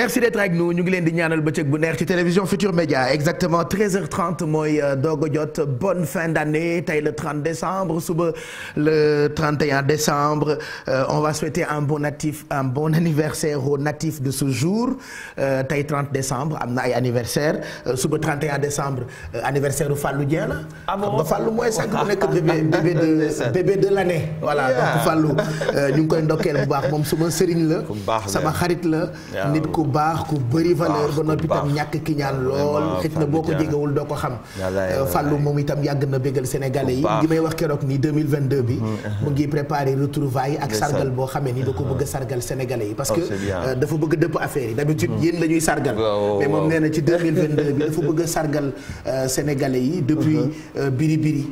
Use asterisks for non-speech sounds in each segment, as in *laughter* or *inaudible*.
merci d'être avec nous ñu ngi leen di ñaanal bëccëg bu neex ci télévision Futur Média exactement 13h30 mooy euh, doog jot bonne fin d'année tey le 30 décembre suba le 31 décembre euh, on va souhaiter un bon natif bon anniversaire aux natifs de ce jour euh, tey 30 décembre am na ay anniversaire suba 31 décembre anniversaire u Fallou Dieng la. Ah xam nga mooy sànq bu nekk bébé *laughs* de bébé de l'année. voilà donc Fallou ñu ngi koy ndokkeel bu baax moom suma sëriñ la. sama xarit la baax ku bëri valeur ba noppi ñàkk ki ñaan lool xëy na boo ko jegewul doo ko xam fàllu euh, moom itam yàgg na bégal sénégalais yi li may wax keroog ni bi mm-hmm. mu ngi préparer retrouvailles ak sargal boo xamee ni da ko bëgg a sargal sénégalais yi a euh, depuis mm-hmm. euh, biri biri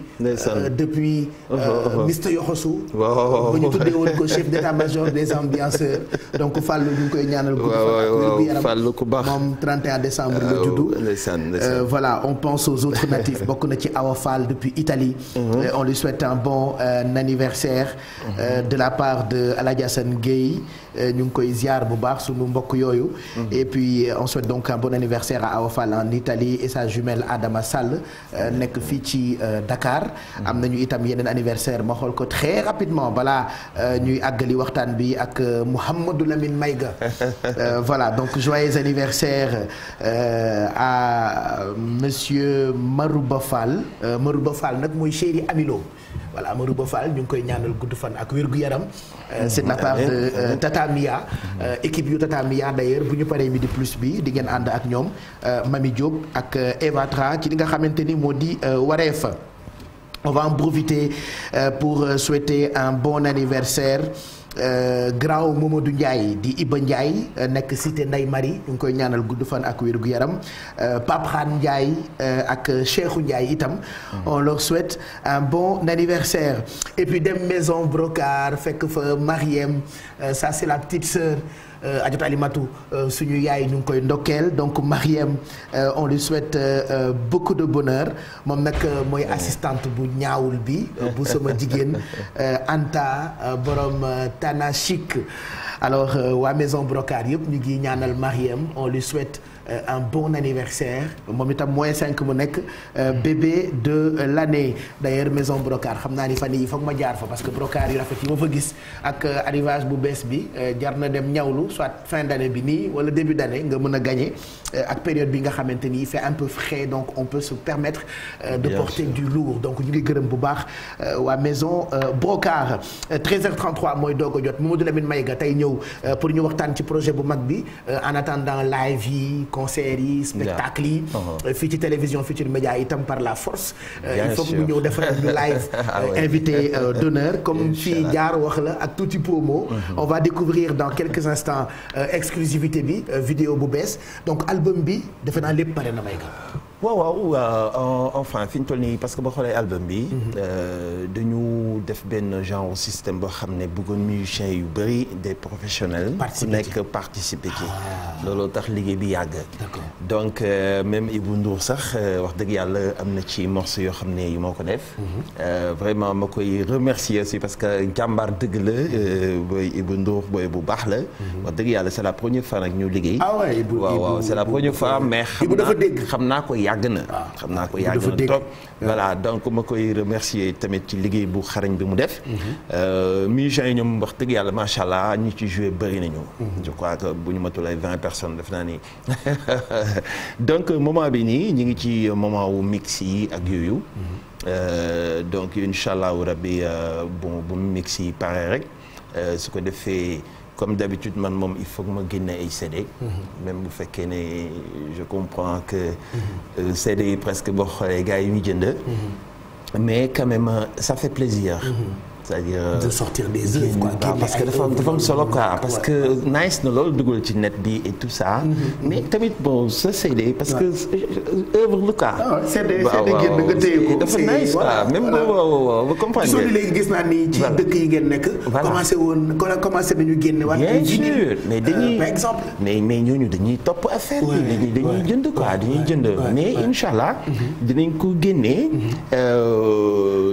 depuis mm-hmm, Mister Yoxosu ba ñu tuddee ko chef d'état-major des ambianceurs *laughs* donc Fallou ñu koy ñaanal gudd Fallou ku baax moom 31 décembre la ah, juddu euh, voilà on pense aux autres natifs bokk na ci Awa Fall depuis Italie mhm. euh, on lui souhaite un bon euh, anniversaire mhm. de la part de Aladji Assane Gueye Euh, ñu ngi koy ziar bu baax sunu mbokk yooyu. Mhm. et puis euh, on souhaite donc un bon anniversaire à Awa Fall en Italie et sa jumelle Adama Sall euh, nekk fii ci Dakar. Mhm. am nañu itam yeneen anniversaire ma xool ko très rapidement balaa ñuy àggali waxtaan bi ak Mouhamadou Lamine Maïga *laughs* voilà donc joyeux anniversaire à monsieur Marouba Fall Marouba nag mooy chéri Amilo. voilà Amadou Ba Fall ñu ngi koy ñaanal gudd fan ak wér gu yaram. Euh, c'est la part de euh, Tata Mia. Euh, équipe yu Tata Mia bu ñu paree mi di plus bi di ngeen ànd ak ñoom Mami Diop ak Eva ci li nga xamante ni moo di waree on va en profiter pour souhaiter un bon anniversaire. Euh, grand Mamadou Ndiaye di Iba Ndiaye euh, nekk cité ndey Marie ñu ngi koy ñaanal gudd fan ak wér gu yaram euh, Pape Khan Ndiaye ak Cheikhou Ndiaye itam. Hmm. on leur souhaite un bon anniversaire et puis dem maison Brocard fekk fa Mariem ça c'est la petite sœur. Euh, ajot alimatu euh, suñu yaay ñu ngi koy ndokkeel donc Mariem euh, on lui souhaite beaucoup de bonheur moom nag mooy assistante bu ñaawul bi bu sama jigéen *laughs* Anta borom Tana Chic alors waa maison Brocard yëpp ñu ngi ñaanal Mariem on lui souhaite Euh, un bon anniversaire moom itam moins cinq mu nekk euh, bébé de euh, l'année d'ailleurs maison brocard xam naa ni fan yi foog ma jaar fa parce que brocard yu rafet yi ma fa gis ak arrivage bu bees bi jar na dem ñawlu soit fin d'année bi nii wala début d'année nga mën a gagner ak période bi nga xamante ni il fait un peu frais donc on peut se permettre de porter du lourd donc ñu ngi gërëm bu baax waa maison brocard 13h33 mooy doog a jot Mamadou Lamine Maïga tey ñëw pour ñu waxtaan ci projet bu mag bi concert yi spectacle yi uh-huh. euh, fii ci télévision Futurs Médias itam par la force euh, il faut mu ñëw live *laughs* ah euh, invité d'honneur *laughs* comme fii jaar wax la ak tuuti promo uh-huh. on va découvrir dans quelques instants exclusivité bi vidéo bu bees donc album bi defe naa lépp pare na may waaw waaw euh, en enfin fi ñu toll nii parce que ba xoolee album bi. Mhm. Euh, dañu def benn genre système boo xam ne bëggoon musiciens yu bëri des professionnels. su nekk participer ki ah. looloo tax liggéey bi yàgg. donc euh, même Ibou Ndour sax wax dëgg yàlla am na ci morceau yoo xam ne moo ko def. Mhm. vraiment ma koy remercier aussi parce que jàmbaar dëgg la mhm. booy Ibou Ndour booy bu baax la. wax dëgg yàlla c' la première fois nag ñu liggéey. ah waaw waaw la première fois mais. xam naa ko yàgg na ah. xam naa ko yàgg na toog ah. voilà donc ma koy remercier tamit ci liggéey bu xarañ bi mu def musiciens mm-hmm. euh, yi ñoom wax dëgg yàlla macha allah ñu ci joué bëri nañu mm-hmm. je crois que bu ñu matul ay vingt personnes def naa ni *laughs* donc moment bi nii ñu ngi ci moment wu mix yi ak yooyu mm-hmm. euh, donc incha allahu rabbi euh, bon bu mix yi pare rek su ko defee comme d'habitude man moom il faut que ma génne ay CD. Mm-hmm. même bu fekkee ne je comprends que. Mm-hmm. Euh, CD yi presque boo xoolee gars yi ñuy jënd. Mm-hmm. mais quand même ça fait plaisir. cest à euh, parce que dafa dafa am solo quoi parce que nice na loolu dugal ci net bi et tout ça. Mm-hmm. mais tamit bon sa CD parce que euh, œuvre lu quoi. Ah, waaw CD waaw waaw ba comprendre gis naa ni ci dëkk yi ngeen nekk. voilà commencé woon commencé nañu génne waat. bien sûr mais dañuy euh, par exemple. mais mais ñooñu dañuy topp affaire bi. dañuy jënd quoi dañuy jënd. mais incha allah. Mm-hmm. dinañ ko génne. Mm-hmm.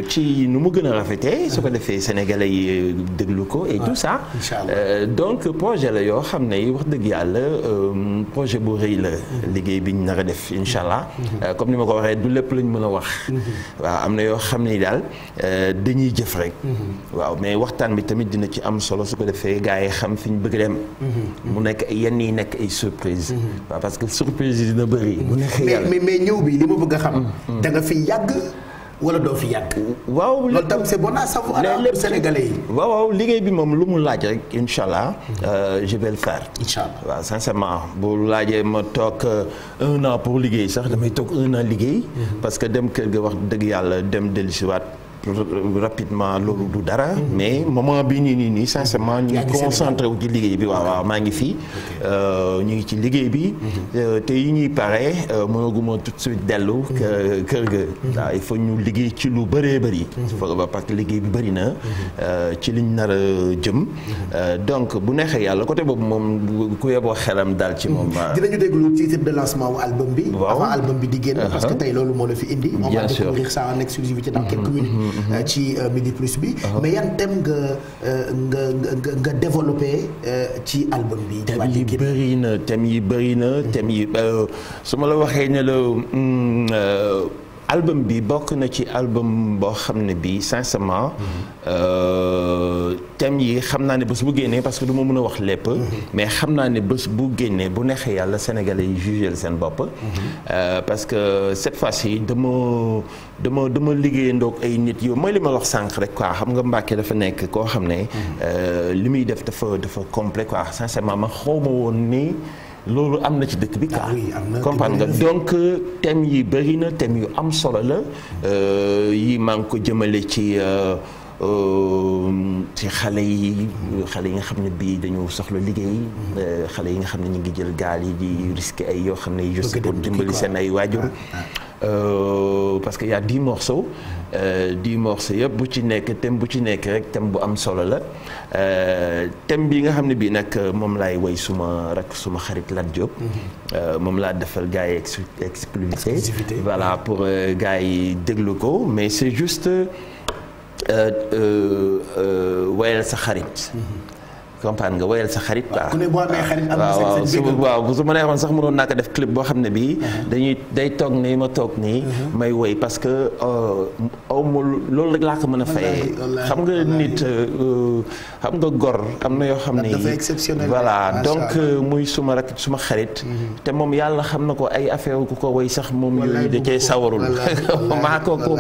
ci nu mu gën a rafetee su ko defee defee sénégalais yi déglu ko et tout ça ah, euh, donc projet la yoo xam ne wax dëgg yàlla euh, projet bu rëy la liggéey bi ñu nar a def incha allah mhm. euh, comme ni ma ko waxee du lépp lañ mën a wax mhm. waaw am na yoo xam ne daal dañuy jëf rek mhm. waaw mais waxtaan bi tamit dina ci am solo su ko defee gars yi xam fi ñu bëgg dem mu nekk yenn yi nekk ay surprise parce que surprise dina bëri mu nekk mais mais ñëw bi li ma bëgg a xam mm, mm. da fi yàgg wala doo fi yàgg. waaw loolu tam c'est bon à savoir ah, liggéey bi moom lu mu laaj rek incha allah euh, je vais le faire. incha allah waaw sincèrement bu laajee ma toog euh, un an pour liggéey sax damay toog un an liggéey. Mm-hmm. parce que dem kër ga wax dëgg yàlla dem dellusiwaat. rapidement loolu du dara. mais moment bi ñu nii nii sincèrement. ñu ngi concentré wu ci liggéey bi waaw waaw maa ngi fii. Euh, ñu ngi ci liggéey bi. Euh, te yi ñuy pare euh, mënaguma tout de suite dellu. Mhm. kër ga. Mhm. waaw il ñu liggéey ci lu bëree bëri. Mhm. parce que liggéey bi bëri na. ci liñ nar jëm. donc bu neexee yàlla côté boobu moom ku yeboo xelam daal ci moom. dinañu déglu titre de bi. waaw avant album bi di génn. parce que uh-huh. tey loolu moo la fi indi. bien sûr on va découvrir Euh, ci euh, Midi Plus bi. Uh-huh. mais yan thème nga euh, nga nga nga ci album bi. thème yi bëri na thème yi bëri na thème yi su ma la waxee ne la. Hmm, album bi bokk na ci album boo xam ne bii sincèrement. Euh, thèmes yi xam naa ne bés bu génnee parce que du ma mën a wax lépp. mais xam naa ne bés bu génnee bu neexee yàlla sénégalais yi jugeel seen bopp. Euh, parce que cette fois-ci dama dama dama liggéeyandoog ay nit yow mooy li ma wax sànq rek quoi xam nga Mbàkke dafa nekk koo xam ne. Euh, li muy def dafa dafa complet quoi sincèrement ma xaw ma woon ni. loolu am na ci dëkk bi quoi ah comprendre nga donc euh, thème yi bëri na thème yu am solo la euh, yi maa ngi ko jëmale ci euh, ci xale yi xale yi nga xam ne bii dañu soxla liggéey xale yi nga xam ne ñu ngi jël gaal yi di risqué ay yoo xam ne juste bu dimbali seen ay waajur ah, ah. parce que y a dix morceaux dix morceaux yëpp bu ci nekk thème bu ci nekk rek thème bu am solo la Euh, thème bi nga xam ne bii nag euh, moom laay woy suma rak suma xarit Lat Diop. Mhm. Euh, moom laa defal gars yi exclusivité voilà pour gars yi déglu ko mais c'est juste woyal sa xarit. Mhm. comprendre nga woyal sa xarit quoi waaw su ma neexoon sax mënoon naa ko def clip boo xam ne bii uh-huh. dañuy day toog nii ma toog nii uh-huh. may woy parce que euh, awma loolu rek laa ko mën a fayee xam nga nit euh, euh, xam nga gor am na yoo xam ne voilà donc muy suma rek suma xarit uh-huh. te moom yàlla xam na ko ay affaire ku ko sax moom da cee sawarul *laughs*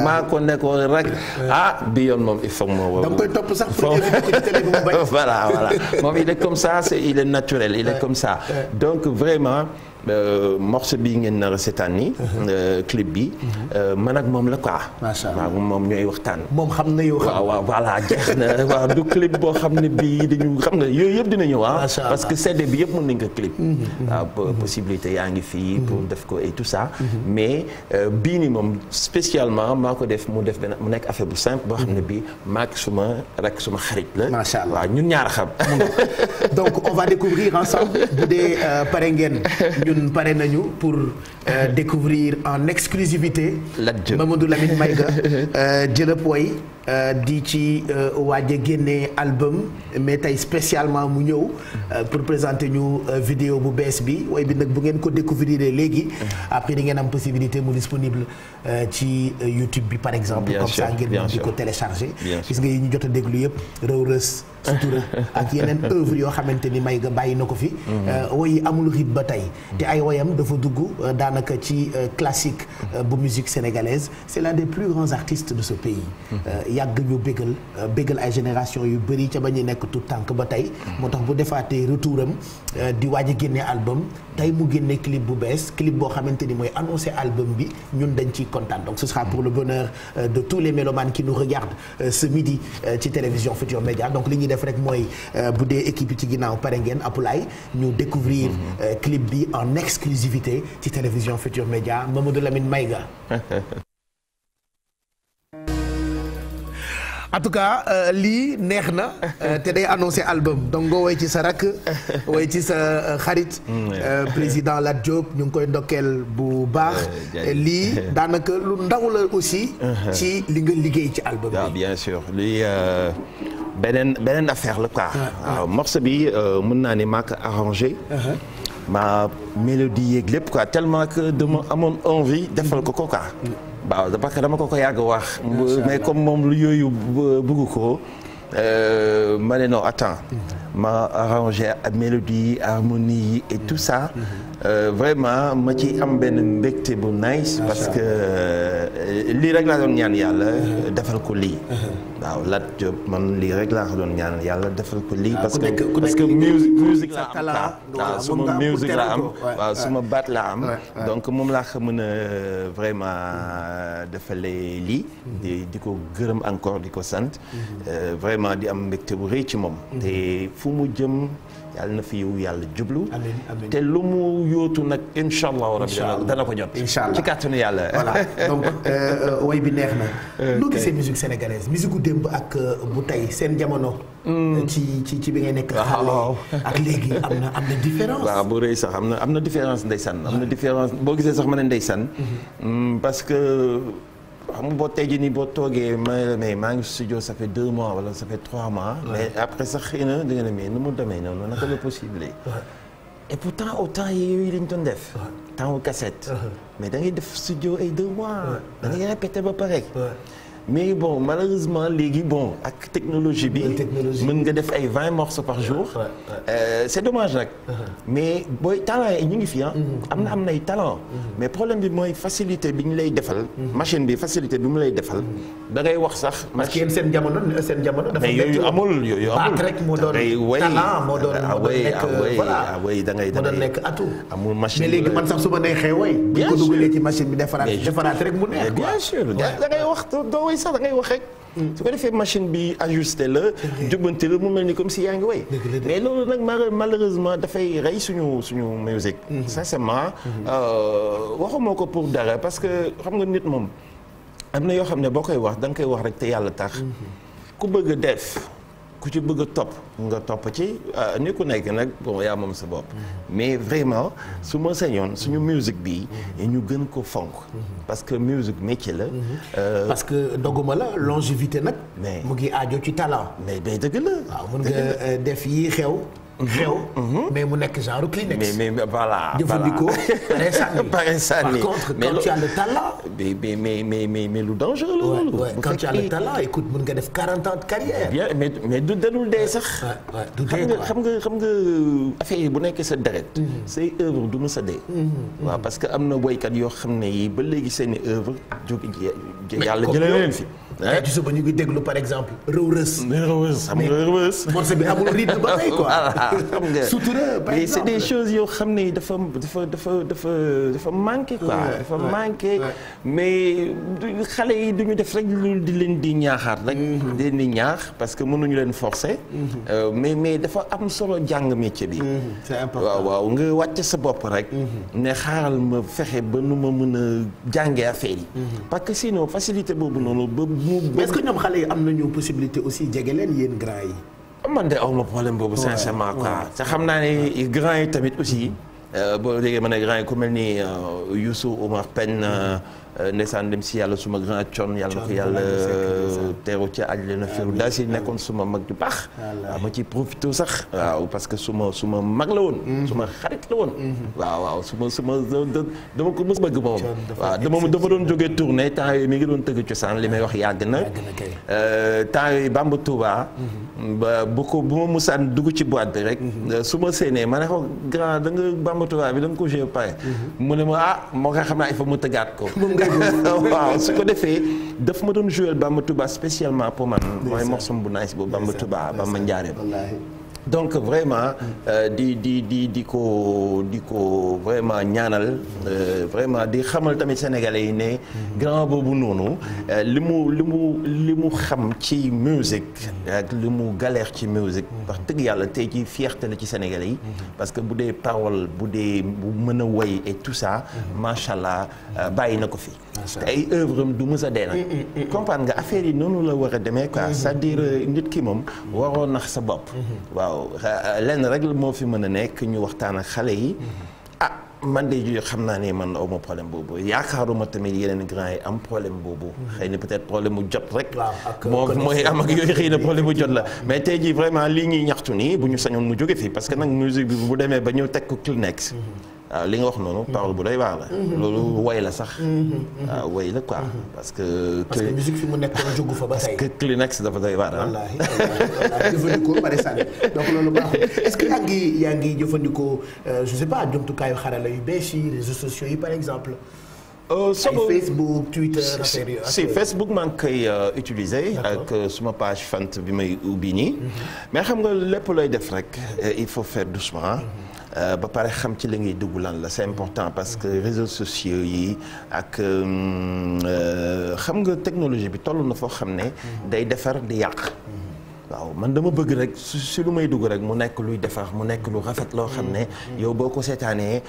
maa ko nekkoon rek ah bi yoon moom il faut moo *laughs* voilà voilà *laughs* Bon, il est comme ça, c'est il est naturel, il est comme ça. Donc vraiment Euh, morceau bii ngeen nar a seetaan ni mhm. euh, clip bi. Mhm. Euh, man ak moom la quoi. macha allah waaw moom ñooy waxtaan. moom xam na yow xam waaw waaw voilà jeex na waaw du clip boo xam ne bii dañu xam nga yooyu yëpp dina ñëw ah. parce yëpp mën nañ ko clip. Mhm, waaw possibilité yaa ngi fii pour def ko et tout ça. mais bii ni moom spécialement maa ko def mu def benn mu nekk affaire bu simple boo xam ne bii maak suma rek suma xarit la. macha allah waaw ñun ñaar xam. donc on va découvrir ensemble bu pare ngeen *laughs* ñun pare nañu pour euh, découvrir en exclusivité Mamadou Lamine Maïga *laughs* euh, jëlëp woy Euh, di ci euh, waaje génne album mais tey spécialement mu ñëw euh, pour présenter ñu video bu bees bi way bi nag bu ngeen ko découvrir léegi après di ngeen am possibilité mu disponible ci YouTube bi par exemple comme ça ngeen mën di ko télécharger gis nga yi ñu jot a déglu yëpp rëw sutura *laughs* ak yeneen œuvre yoo xamante ni may nga bàyyi na ko fi mm-hmm. woy amul rit ba tey te mm-hmm. ay woyam dafa dugg daanaka ci classique bu musique sénégalaise c'est l'un des plus grands artistes de ce yàgg ñu bégal euh, bégal ay génération yu bëri ca ba ñu nekk tu tànk ba tey moo tax bu defaatee retouram euh, di waaj a génne album tey mu génne clip bu bees clip boo xamante ni mooy annoncé album bi ñun dañ ci kontaan donc ce sera pour le bonheur euh, de tous les mélomanes qui nous regardent ce midi ci télévision Futur Média donc li ñuy def rek mooy bu dee équipe yi ci ginnaaw pare ngeen Apulaay ñu découvrir mm-hmm. clip bi en exclusivité ci télévision Futur Média Mamadou Lamine Maïga *laughs* en tout cas euh, lii neex na euh, te day annoncé album donc nga woy ci sa rakk woy ci sa euh, xarit mm, président Lat Diop ñu ngi koy ndokkeel bu baax eh, lii *laughs* daanaka lu ndaw aussi uh-huh. ci li nga liggéey ci album bi ah, bien sûr beneen beneen affaire la quoi waaw ah, ah. bi mën naa ni maa ko arrangé uh-huh. ma mélodie yeeg lépp quoi tellement que dama amoon envie defal ko ko quoi mm. waaw parce que dama ko ko yàgg wax mais comme moom lu yooyu bëgg ko Euh, ma ne non attends ma arrangé mélodie harmonie yi et tout ça mm-hmm. euh, vraiment ma ci am benn mbégte bu nice parce que euh, lii rek laa doon ñaan yàlla mm-hmm. defal ko lii mm-hmm. waaw Lat Diop man lii rek laa doon ñaan yàlla defal ko lii ah, parce que parce que la am waaw suma musique la am waaw suma baat la am donc moom laa xa mën a vraiment defalee li di ko gërëm encore di ko sant vraiment di am mbégte bu rëy ci moom. Mm-hmm. te fu mu jëm yàlla na fi yow yàlla jublu. te lu mu yootu nag incha allahu rabi dana ko jot. incha allah ci kàttanu yàlla. voilà *laughs* donc euh, bi neex na. noo gisee musique sénégalaise musique gu démb ak euh, bu tey seen jamono. Mm. ci ci ci bi ngay nekk. waaw ak léegi am na am na différence. waaw bu rëy sax am na am na différence ndeysaan am na différence boo gisee sax ma ne ndeysaan. Mm-hmm. Mm, parce xam boo tey jii nii boo toogee ma ne maa ngi studio ça fait deux mois wala sa fait trois mois. mais après sax xëy na da nga ne mais nu mu demee noonu naka la possible. et temps au temps yooyu lañ doon def. temps wu cassette. mais da ngay def studio ay deux mois. da ngay répété ba pare. mais bon malheureusement léegi bon ak technologie bi mën nga def ay vingt morceaux par jour euh, c'est dommage nag uh-huh. mais booy talent ñu ngi fi ah. mm-hmm. am na am nay talent mm-hmm. mais problème bi mooy facilité bi ñu lay defal mm-hmm. machine bi facilité bi mu lay defal dangay wax sax parce que yéen seen jamono seen jamono dafa yooyu amul yooyu moo doon talent moo doon ah, ah, ah oui da ngay da amul machine mais léegi man sax su ma neexee way bu machine bi defaraat defaraat rek mu neex bien sûr da ngay wax mooy sax da ngay wax rek. su ko defee machine bi ajusté la. jubbante la mu mel ni comme si yaa ngi way mais loolu nag malheureusement dafay rey suñu suñu musique. Mm-hmm. sincèrement. Mm-hmm. Euh, waxuma ko pour dara parce que xam nga nit moom am na yoo xam ne boo koy wax da nga koy wax rek te yàlla tax. Mm-hmm. ku bëgg def. ku ci bëgg a topp nga topp ci ah, ni ko nekk nag bon yaa moom sa bopp mais vraiment su ma sañoon suñu musique bi ñu gën ko fonk parce que musique métier la euh, parce que doguma la longévité nag mais mu ngi aajo ci talent mais mais dëgg la waaw mën nga euh, def yi xew xew. Mhm. mais mu nekk genre Kleenex. mais mais voilà. jëfandikoo pare sànni. pare sànni par contre quand tu as le talent. mais mais mais mais lu dangereux la loolu. quand tu as le talent écoute mën nga def 40 ans de carrière. bien mais mais du dalul sax. du dee quoi xam nga xam nga affaire yi bu nekkee sa deret. Mhm. say œuvre du mës a dee. Mhm, waaw parce que am na woykat yoo xam ne yi ba léegi seen i yàlla jëlee leen fi. ci suba ñu déglu par exemple rëwrës rëwrës xam nga rëwrës morceau ba tey quoi xam *laughs* nga sutura par exemple yoo xam ne dafa dafa dafa dafa dafa manqué quoi dafa manqué mais du xale yi duñu def rek lu di leen di ñaaxaat rek mm-hmm. di leen di ñaax parce que mënuñu leen forcer mm-hmm. euh, mais mais dafa am solo jàng métier bi mm-hmm. waaw waaw nga wàcc sa bopp rek ne xaaral ma fexe ba nu ma mën a jàngee affaire yi parce que boobu noonu mu. est-ce que ñoom xale yi am nañu possibilité aussi jege leen yéen grand yi. man de awma problème boobu sincèrement quoi te xam naa ne grand yi tamit aussi euh, boo déggee ma ne grand yi ku mel ni euh, Youssou Oumar Pène euh, Euh, ndeysaan dem si yàlla suma grand con yàlla ko yàlla a ci àjjana firdaws yi nekkoon suma mag ju baax ma ciy profité sax waaw parce que suma suma mag la woon mhm. suma xarit la woon mhm. waaw waaw suma suma dama ko mës bëgg moom waaw dama dafa doon jógee tournée temps yooyu mi ngi doon tëgg cosaan li may wax yàgg na euh, temps yooyu Bamba Touba mhm. bu ko bu ma musaan dugg ci boîte bi rek euh, su ma séenee ma ne ko grand da Bamba Touba bi da ko joué pare mu ne ma ah moo nga xam naa il faut mu tëggaat *laughs* *laughs* waaw su ko defee daf ma doon jouer Bamba Touba spécialement pour man mooy morsom bu nice bu Bamba Touba Bamba Ndiarème donc vraiment euh, di di di di ko di ko vraiment ñaanal euh, vraiment di xamal tamit sénégalais yi ne grand boobu noonu euh, li mu li mu li mu xam ci musique ak li mu galère ci musique wax dëgg yàlla tey ci fierté la ci sénégalais yi parce que bu dee parole bu dee bu mën a woy et tout ça macha allah bàyyi na ko fi te ay œuvre am du mës a dee nag mm, mm, mm. comprendre nga affaire yi noonu la war a demee quoi c'est-à-dire nit ki moom waroo nax sa bopp mm-hmm. waaw waaw lenn rek moo fi mën a nekk ñu waxtaan ak xale yi. ah man de jii xam naa ni man aw ma problème boobu yaakaaruma tamit yeneen grand yi am problème boobu. xëy na peut-être problème bu jot rek. waaw mooy am ak yooyu xëy na problème bu jot la. mais tey jii vraiment lii ñuy ñaxtu nii bu ñu sañoon mu jóge fi parce que nag musique bi bu demee ba ñëw teg ko Kleenex. waaw li nga wax noonu parole bu doy waar la. Mhm. loolu woy la sax. Mhm. Mhm. waaw woy la ko parce que. parce que fi mu nekk jógu fa ba tey. parce que Kleenex dafa doy waar ah. wallaahi wallaahi jëfandikoo donc loolu baaxul est-ce que yaa ngi yaa ngi jëfandikoo euh, je sais pas jumtukaayu xarala yu bees yi réseaux sociaux yi par exemple. Euh, sama Facebook Twitter affaire si Facebook maa ngi koy euh, utiliser. ak suma page fant bi may ubbi nii. mais xam nga lépp looy def rek il faut faire doucement. Ah. Euh, ba pare xam ci li ngay dugg lan la c'est important parce que réseaux sociaux yi ak euh, euh, xam nga technologie bi toll na foo xam ne mm-hmm. day defar di yàq waaw man dama bëgg rek si lu may dugg rek mu nekk luy defar mu nekk lu rafet loo xam ne mm-hmm. yow boo ko seetaanee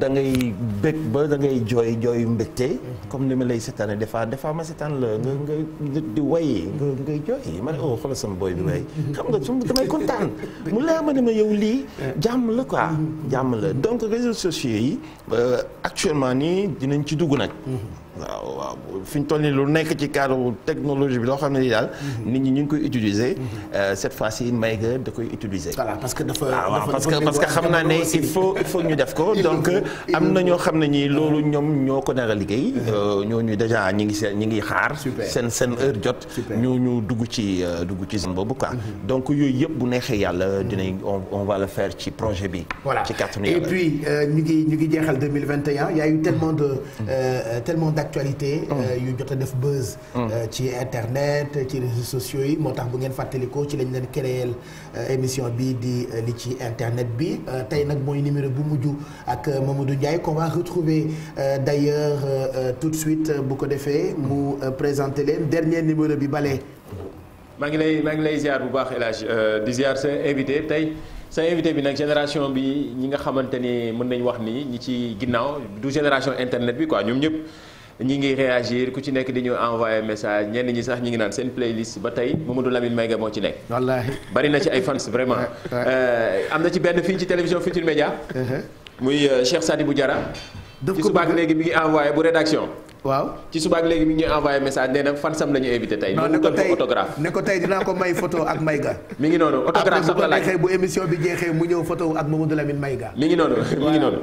da ngay bëgg ba da ngay jooy jooyu mbégte mm-hmm. comme ni ma lay seetaane des defaa ma seetaan la nga nga di way nga ngay jooy ma ne oh xoolal booy bi way mm-hmm. xam nga su damay kontaan mu leer ma ne ma yow lii jàmm la ko jàmm la donc réseaux sociaux yi euh, actuellement nii dinañ ci dugg nag waaw waaw fi ñu toll nii lu nekk ci cadre technologie bi loo xam ne ni daal. Mhm. nit ñi ñu ngi koy utiliser. Mhm. Euh, cette fois ci Mbaye da koy utiliser. voilà parce que dafa ah, dafa parce que xam naa ne il faut il faut ñu def ko. donc am na ñoo xam ne ñi loolu ñoom ñoo ko nar a liggéey. Mhm. Euh, ñooñu dèjà ñi ngi seen ñi ngi xaar. seen seen heure jot. ñu ñu dugg ci euh, dugg ci zone boobu quoi. donc yooyu yëpp bu neexee yàlla dinañ on va le faire ci projet bi. voilà ci kàttanu yàlla ñu ngi jeexal 2021 y a eu actualité. Euh, yu jot a def buzz. Euh, ci internet ci réseaux sociaux yi moo tax bu ngeen fàttalikoo ci lañu leen créel euh, émission bi di li ci internet bi tey nag mooy numéro bu mujj ak moom Mamadou Ndiaye qu'on va retrouver d'ailleurs tout de suite bu ko defee mu présenter leen dernier numéro bi bale. maa ngi lay maa ngi lay ziar bu baax El Hadj di ziar sa invité tey. sa invité bi nag génération bi ñi nga xamante ni mën nañu wax nii ñi ci ginnaaw du génération internet bi quoi ñoom ñëpp ñi ngi réagir ku ci nekk di ñu envoyé message ñenn ñi sax ñi ngi naan seen playlist ba tey Mamadou Lamine Mayga moo ci nekk. wallaahi bari na ci ay fans vraiment. Euh, am na ci benn fii ci télévision Futur Média. Uh-huh. muy euh, Cheikh Sadibou bu daf ko ku suba léegi mi ngi envoyé bu rédaction. waaw ci suba léegi mi ngi ñuy envoyé message nee na fan sam la invité tey. non ne ko tey autographe ne ko tey dinaa may photo ak Mayga. mi ngi noonu ah, autographe sax la bu émission bi jeexee mu ñëw photo ak Mamadou Lamine Mayga. mi ngi noonu mi ngi noonu.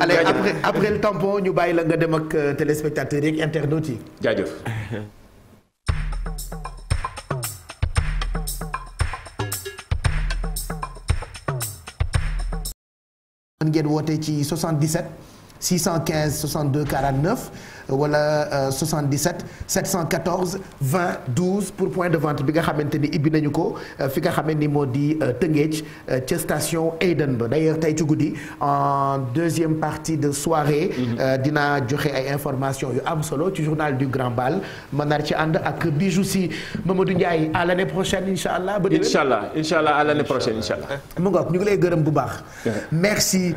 *laughs* allez après après le tampon ñu bàyyi la nga dem ak euh, téléspectateurs yeeg internautes yi. jaajëf. ngeen woote ci 77. 615 62 49 wala 77 714 20 12 pour point de vente bi nga xamante ni ibbi nañu ko euh, fi nga xamante ni moo di euh, Tëngéej euh, ca station Aden ba d'ailleurs tey ci guddi en deuxième partie de soirée. Mhm. dina joxe ay information yu am solo ci journal du Grand Bal mën naa ci ànd ak bijou si Mamadou Ndiaye à l'année prochaine incha allah. ba déwén incha allah incha allah à l'année prochaine eh, ñu ngi lay gërëm bu baax. *laughs* merci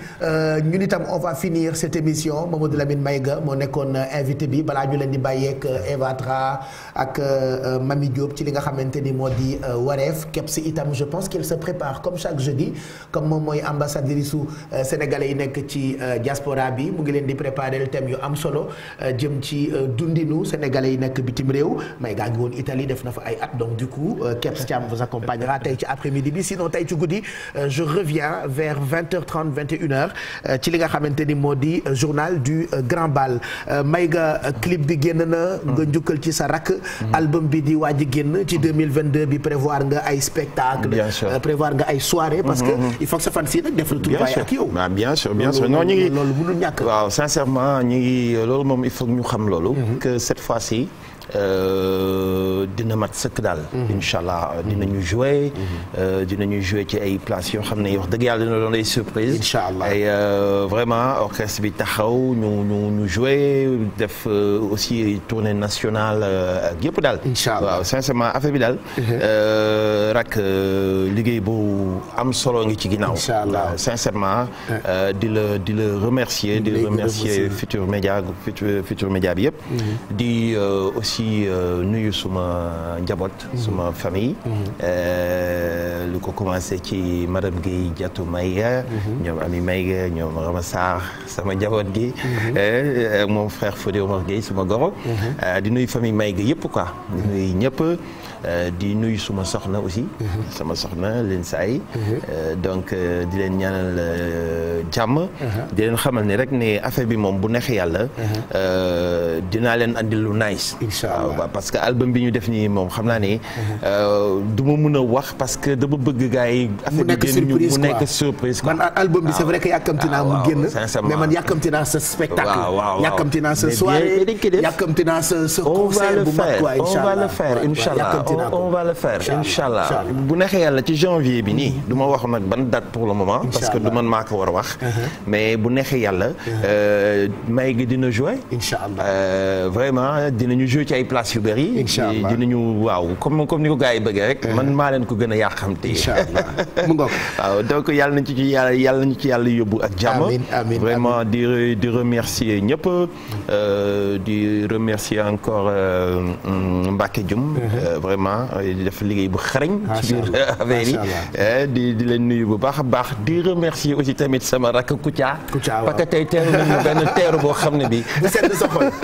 ñun itam on va finir cette émission Mamadou Lamine Maïga moo nekkoon. invité bi balaa ñu leen di bàyyeek euh, Eva Tra ak euh, euh, Mami Diop ci li nga xamante ni moo di wareef kepp si itam je pense qu'il se prépare comme chaque jeudi comme moom mooy ambassadrice su yi nekk ci diaspora bi mu ngi leen di préparer thème yu am solo jëm ci dundinu sénégalais yi nekk bitim réew may gaa ngi woon Italie def na fa ay at donc du coup Kebs Thiam vous accompagnera tey ci après-midi bi sinon tey ci guddi je reviens vers 20h30 ci li nga xamante ni moo di journal du grand ga euh, clip bi génn na nga hmm. njukkal ci sa rakk hmm. album bi di waaj génn ci 2022 hmm. bi prévoir nga ay spectacle euh, prévoir nga ay soirée parce que il faut que sa fan si nag def retrouvaille ak yow ah bien sûr bien sûr non ñu ngi loolu mënul ñàkk waaw sincèrement ñu ngi loolu moom il faut ñu xam loolu que cette fois si Euh, dina mat sëkk daal. Mhm. incha allah euh, mhm. dinañu dina mhm. euh, dinañu jouer ci ay places yoo xam ne wax dëgg yàlla dina doon ay surprise. incha allah ay vraiment orchestre bi taxaw ñu ñu ñu jouer def aussi tournée nationale ak yëpp daal. incha allah waaw sincèrement bi daal. rak liggéey bu am solo ngi ci ginnaaw. incha allah sincèrement. di la di la remercier. di remercier Futur Média Futur Média bi yëpp. aussi euh, nuyu suma njaboot. Mhm. suma famille. Mhm. Euh, lu ko commencé ci madame Guèye Diatou Maïga. Mhm. ñoom Ami Maïga ñoom Rama Sarr sama njaboot gi. Euh, moom frère Fodé Omar Guèye suma goro. di nuyu famille may yëpp quoi. di nuyu ñëpp di nuyu suma soxna aussi. sama soxna leen saay. donc di leen ñaanal jàmm. di leen xamal ni rek ne affaire bi moom bu neexee yàlla. dinaa leen andil lu nice. Ah, parce que album bi ñu def nii moom xam naa ne. Mhm. Euh, du ma mun a wax parce que dama bëgg gars yi. mu nekk surprise mu nekk surprise quoi. man album bi c'est ah, vrai que yàkkamti naa ah, mu génn. mais man yàkkamti naa sa spectacle. waaw yàkkamti naa sa soirée. yàkkamti naa sa sa concert bu mag quoi incha allah bu neexee yàlla ci janvier bi nii. Mhm. du ma wax nag ban date pour le moment. parce que du man maa ko war a wax. Mhm. mais bu neexee yàlla. Euh, may gi dina jouer Euh, vraiment dinañu joué ci ay place yu bëri. incha allah dinañu waaw comme comme ni ko gars yi bëggee rek. man maa leen ko gën a yàqamte. incha allah *laughs* mu waaw donc yàlla nañu ci ci yàlla yàlla ñu ci yàlla yóbbu ak jàmm. amiin amiin vraiment di di remercier ñëpp. Euh, di remercier encore euh, Mbacke Dioum. Uh-huh. vraiment di def liggéey bu xarañ. yi eh, di leen nuyu bu baax a baax di remercier aussi tamit sama rakk Koutia. Koutia waaw parce tey teeru nañu benn teeru boo xam ne bi. *laughs* sedd sa xol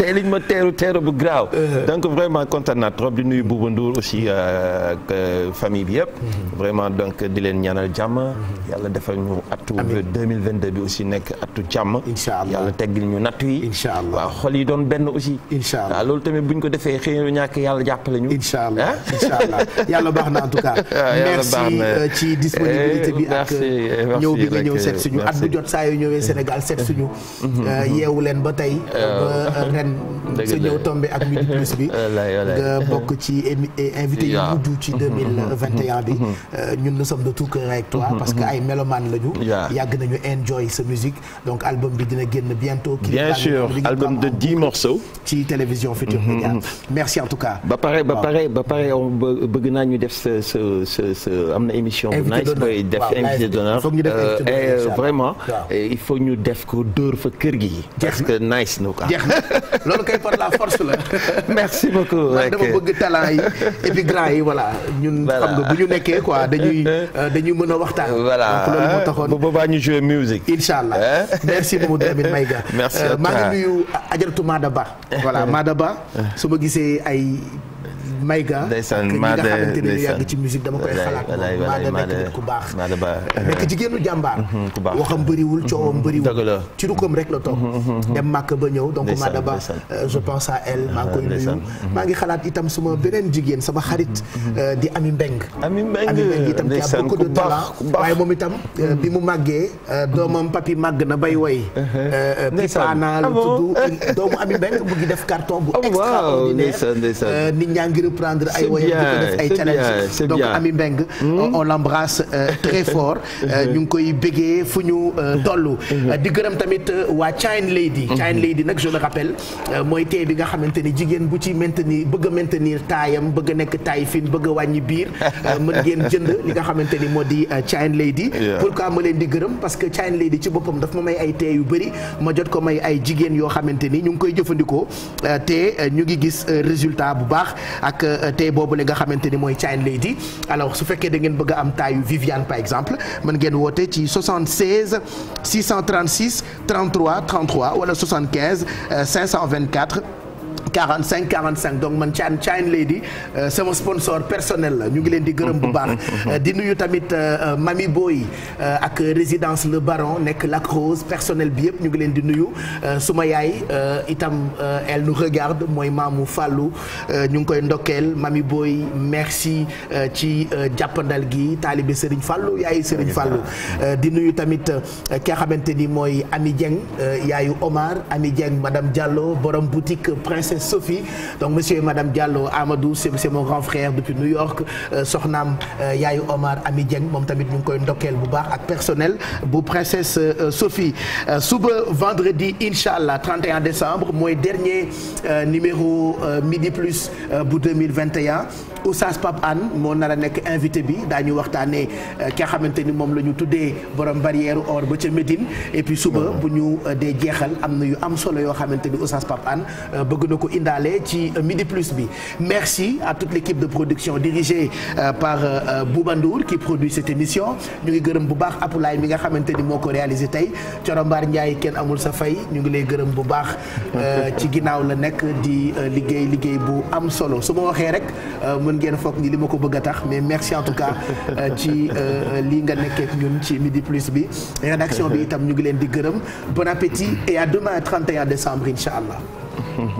tey liñ ma teeru teeru bu graaw euh. donc vraiment kontaan naa trop di nuyu Bouba Ndour aussi euh, famille bi yëpp mhm. vraiment donc di leen ñaanal jàmm mhm. yàlla defal ñu atu 2022 bi aussi nekk atu jàmm inchaallah yàlla teggil ñu nattu yi inchaallah waaw xol yi doon benn aussi inchaallah waaw loolu tamit buñ ko defee xëy ñàkk yàlla jàppale ñu inchaallah inchaallah *laughs* yàlla baax na en tout cas *laughs* ah, merci euh, ci disponibilité bi eh, ak eh, ñëw bi nga ñëw seet suñu at bu jot saa yoo ñëwee Sénégal seet suñu *laughs* yeewu leen ba tey su ñëw ak midi bi *laughs* nga bokk ci invité yu mujj ci 2021 mm-hmm, mm-hmm, mm-hmm. bi euh, ñun nous sommes de tout cœur avec toi parce que ay mélomanes lañu yàgg nañu enjoy sa musique donc album bi dina génn bientôt bien sûr album de dix morceaux ci télévision Futur Média merci en tout cas ba pare ba pare ba pare bëgg naa ñu def sa sa sa sa am na émission bu nice boy euh, eh, vraiment eh, il faut ñu def ko dóor fa kër gi parce que nice na quoi *laughs* loolu kay par la force la. merci beaucoup man dama bëgg talent yi et grand yi voilà. ñun xam nga bu ñu nekkee quoi dañuy euh, dañuy mën a waxtaan. voilà loolu moo taxoon boobaa ñu jouer musique. incha allah merci Mamadou Lamine Maïga. merci à toi euh, maa ngi nuyu Ajaratu Madaba. voilà Madaba euh. su ma gisee ay. Mayga ak ñi nga xamante ne yàgg ci musique dama koy xalaat moom Maada nekk nit ku baax nekk jigéenu jàmbaar *laughs* waxam bëriwul coowam bëriwul ci rukkam rek la toog dem màkk ba ñëw donc Maada Ba euh, je pense à elle maa ngi maa ngi xalaat itam suma beneen jigéen sama xarit euh, di Ami Mbeng Ami Mbeng itam qui a beaucoup de talent waaye moom itam euh, bi mu màggee doomam papi màgg na bay way pipaana la ah tudd *laughs* doomu Ami Mbeng mu ngi def carton bu ah, extraordinaire nit ñaa ngi reprendre ay woyam di hmm? euh, *laughs* euh, ñu ngi koy bégee fu ñu euh, toll hmm? Hmm? di gërëm tamit waa Chain Lady Chain Lady nag je le rappelle mooy tey bi nga xamante ni jigéen bu ci maintenir bëgg a maintenir taayam bëgg a nekk taay fin bëgg wàññi biir *laughs* mën ngeen jënd li nga xamante ni moo di Chain Lady pourquoi ma leen di gërëm parce que Chain Lady ci boppam daf ma may ay tey yu bëri ma jot ko may ay jigéen yoo xamante ni ñu ngi koy jëfandikoo te ñu ngi gis résultat bu baax ak euh, tey boobu la nga xamante ni mooy Chine Lady alors su fekkee da ngeen bëgg a am taayu Viviane par exemple mën ngeen woote ci 76 636 33 33 wala 75 524. Euh, 45 45 donc man Chine Chine Lady euh, sama sponsor personnel la ñu ngi leen di gërëm bu baax. *laughs* Euh, di nuyu tamit euh, Mami Boy ak résidence Le Baron nekk Lac Rose personnel bi yëpp ñu ngi leen di nuyu suma yaay itam elle nous regarde mooy maamu Fallou ñu ngi koy ndokkeel Mami Boy merci ci jàppandal gi taalibe Serigne Fallou yaayu Serigne Fallou. di nuyu tamit ki nga xamante ni mooy Ami Dieng yaayu Omar Ami Dieng madame Diallo borom boutique princesse. Sophie donc monsieur et madame Diallo Amadou c'est c'est mon grand frère depuis New York euh, soxnaam euh, yaayu Omar Ami Dieng moom tamit ñu ngi koy ndokkeel bu baax ak personnel bu princesse euh, Sophie suba vendredi incha allah 31 décembre mooy dernier numéro Midi Plus bu 2021 Oustaz Pape ann moo nar a nekk invité bi daañu waxtaanee euh, ki nga xamante ni moom la ñu tuddee borom barrière or ba ca Médine et puis suba bu ñu euh, dee jeexal am na yu am solo yoo xamante ni Oustaz Pape Anne euh, bëgg na ko indaale ci Midi Plus bi merci à toute l'équipe de production dirigée par Bouba Ndour produit cette émission ñu ngi gërëm bu baax Apulaay mi nga xamante ni moo ko réaliser tey Corombaar Ndiaye kenn amul sa fay ñu ngi lay gërëm bu baax ci ginnaaw la nekk di liggéey liggéey bu am solo su ma waxee rek mën ngeen foog ni li ma ko bëgg a tax mais merci en tout cas euh, ci euh, lii nga nekkee ñun ci midi plus bi rédaction bi itam ñu ngi leen di gërëm bon appétit et à demain 31 décembre incha allah.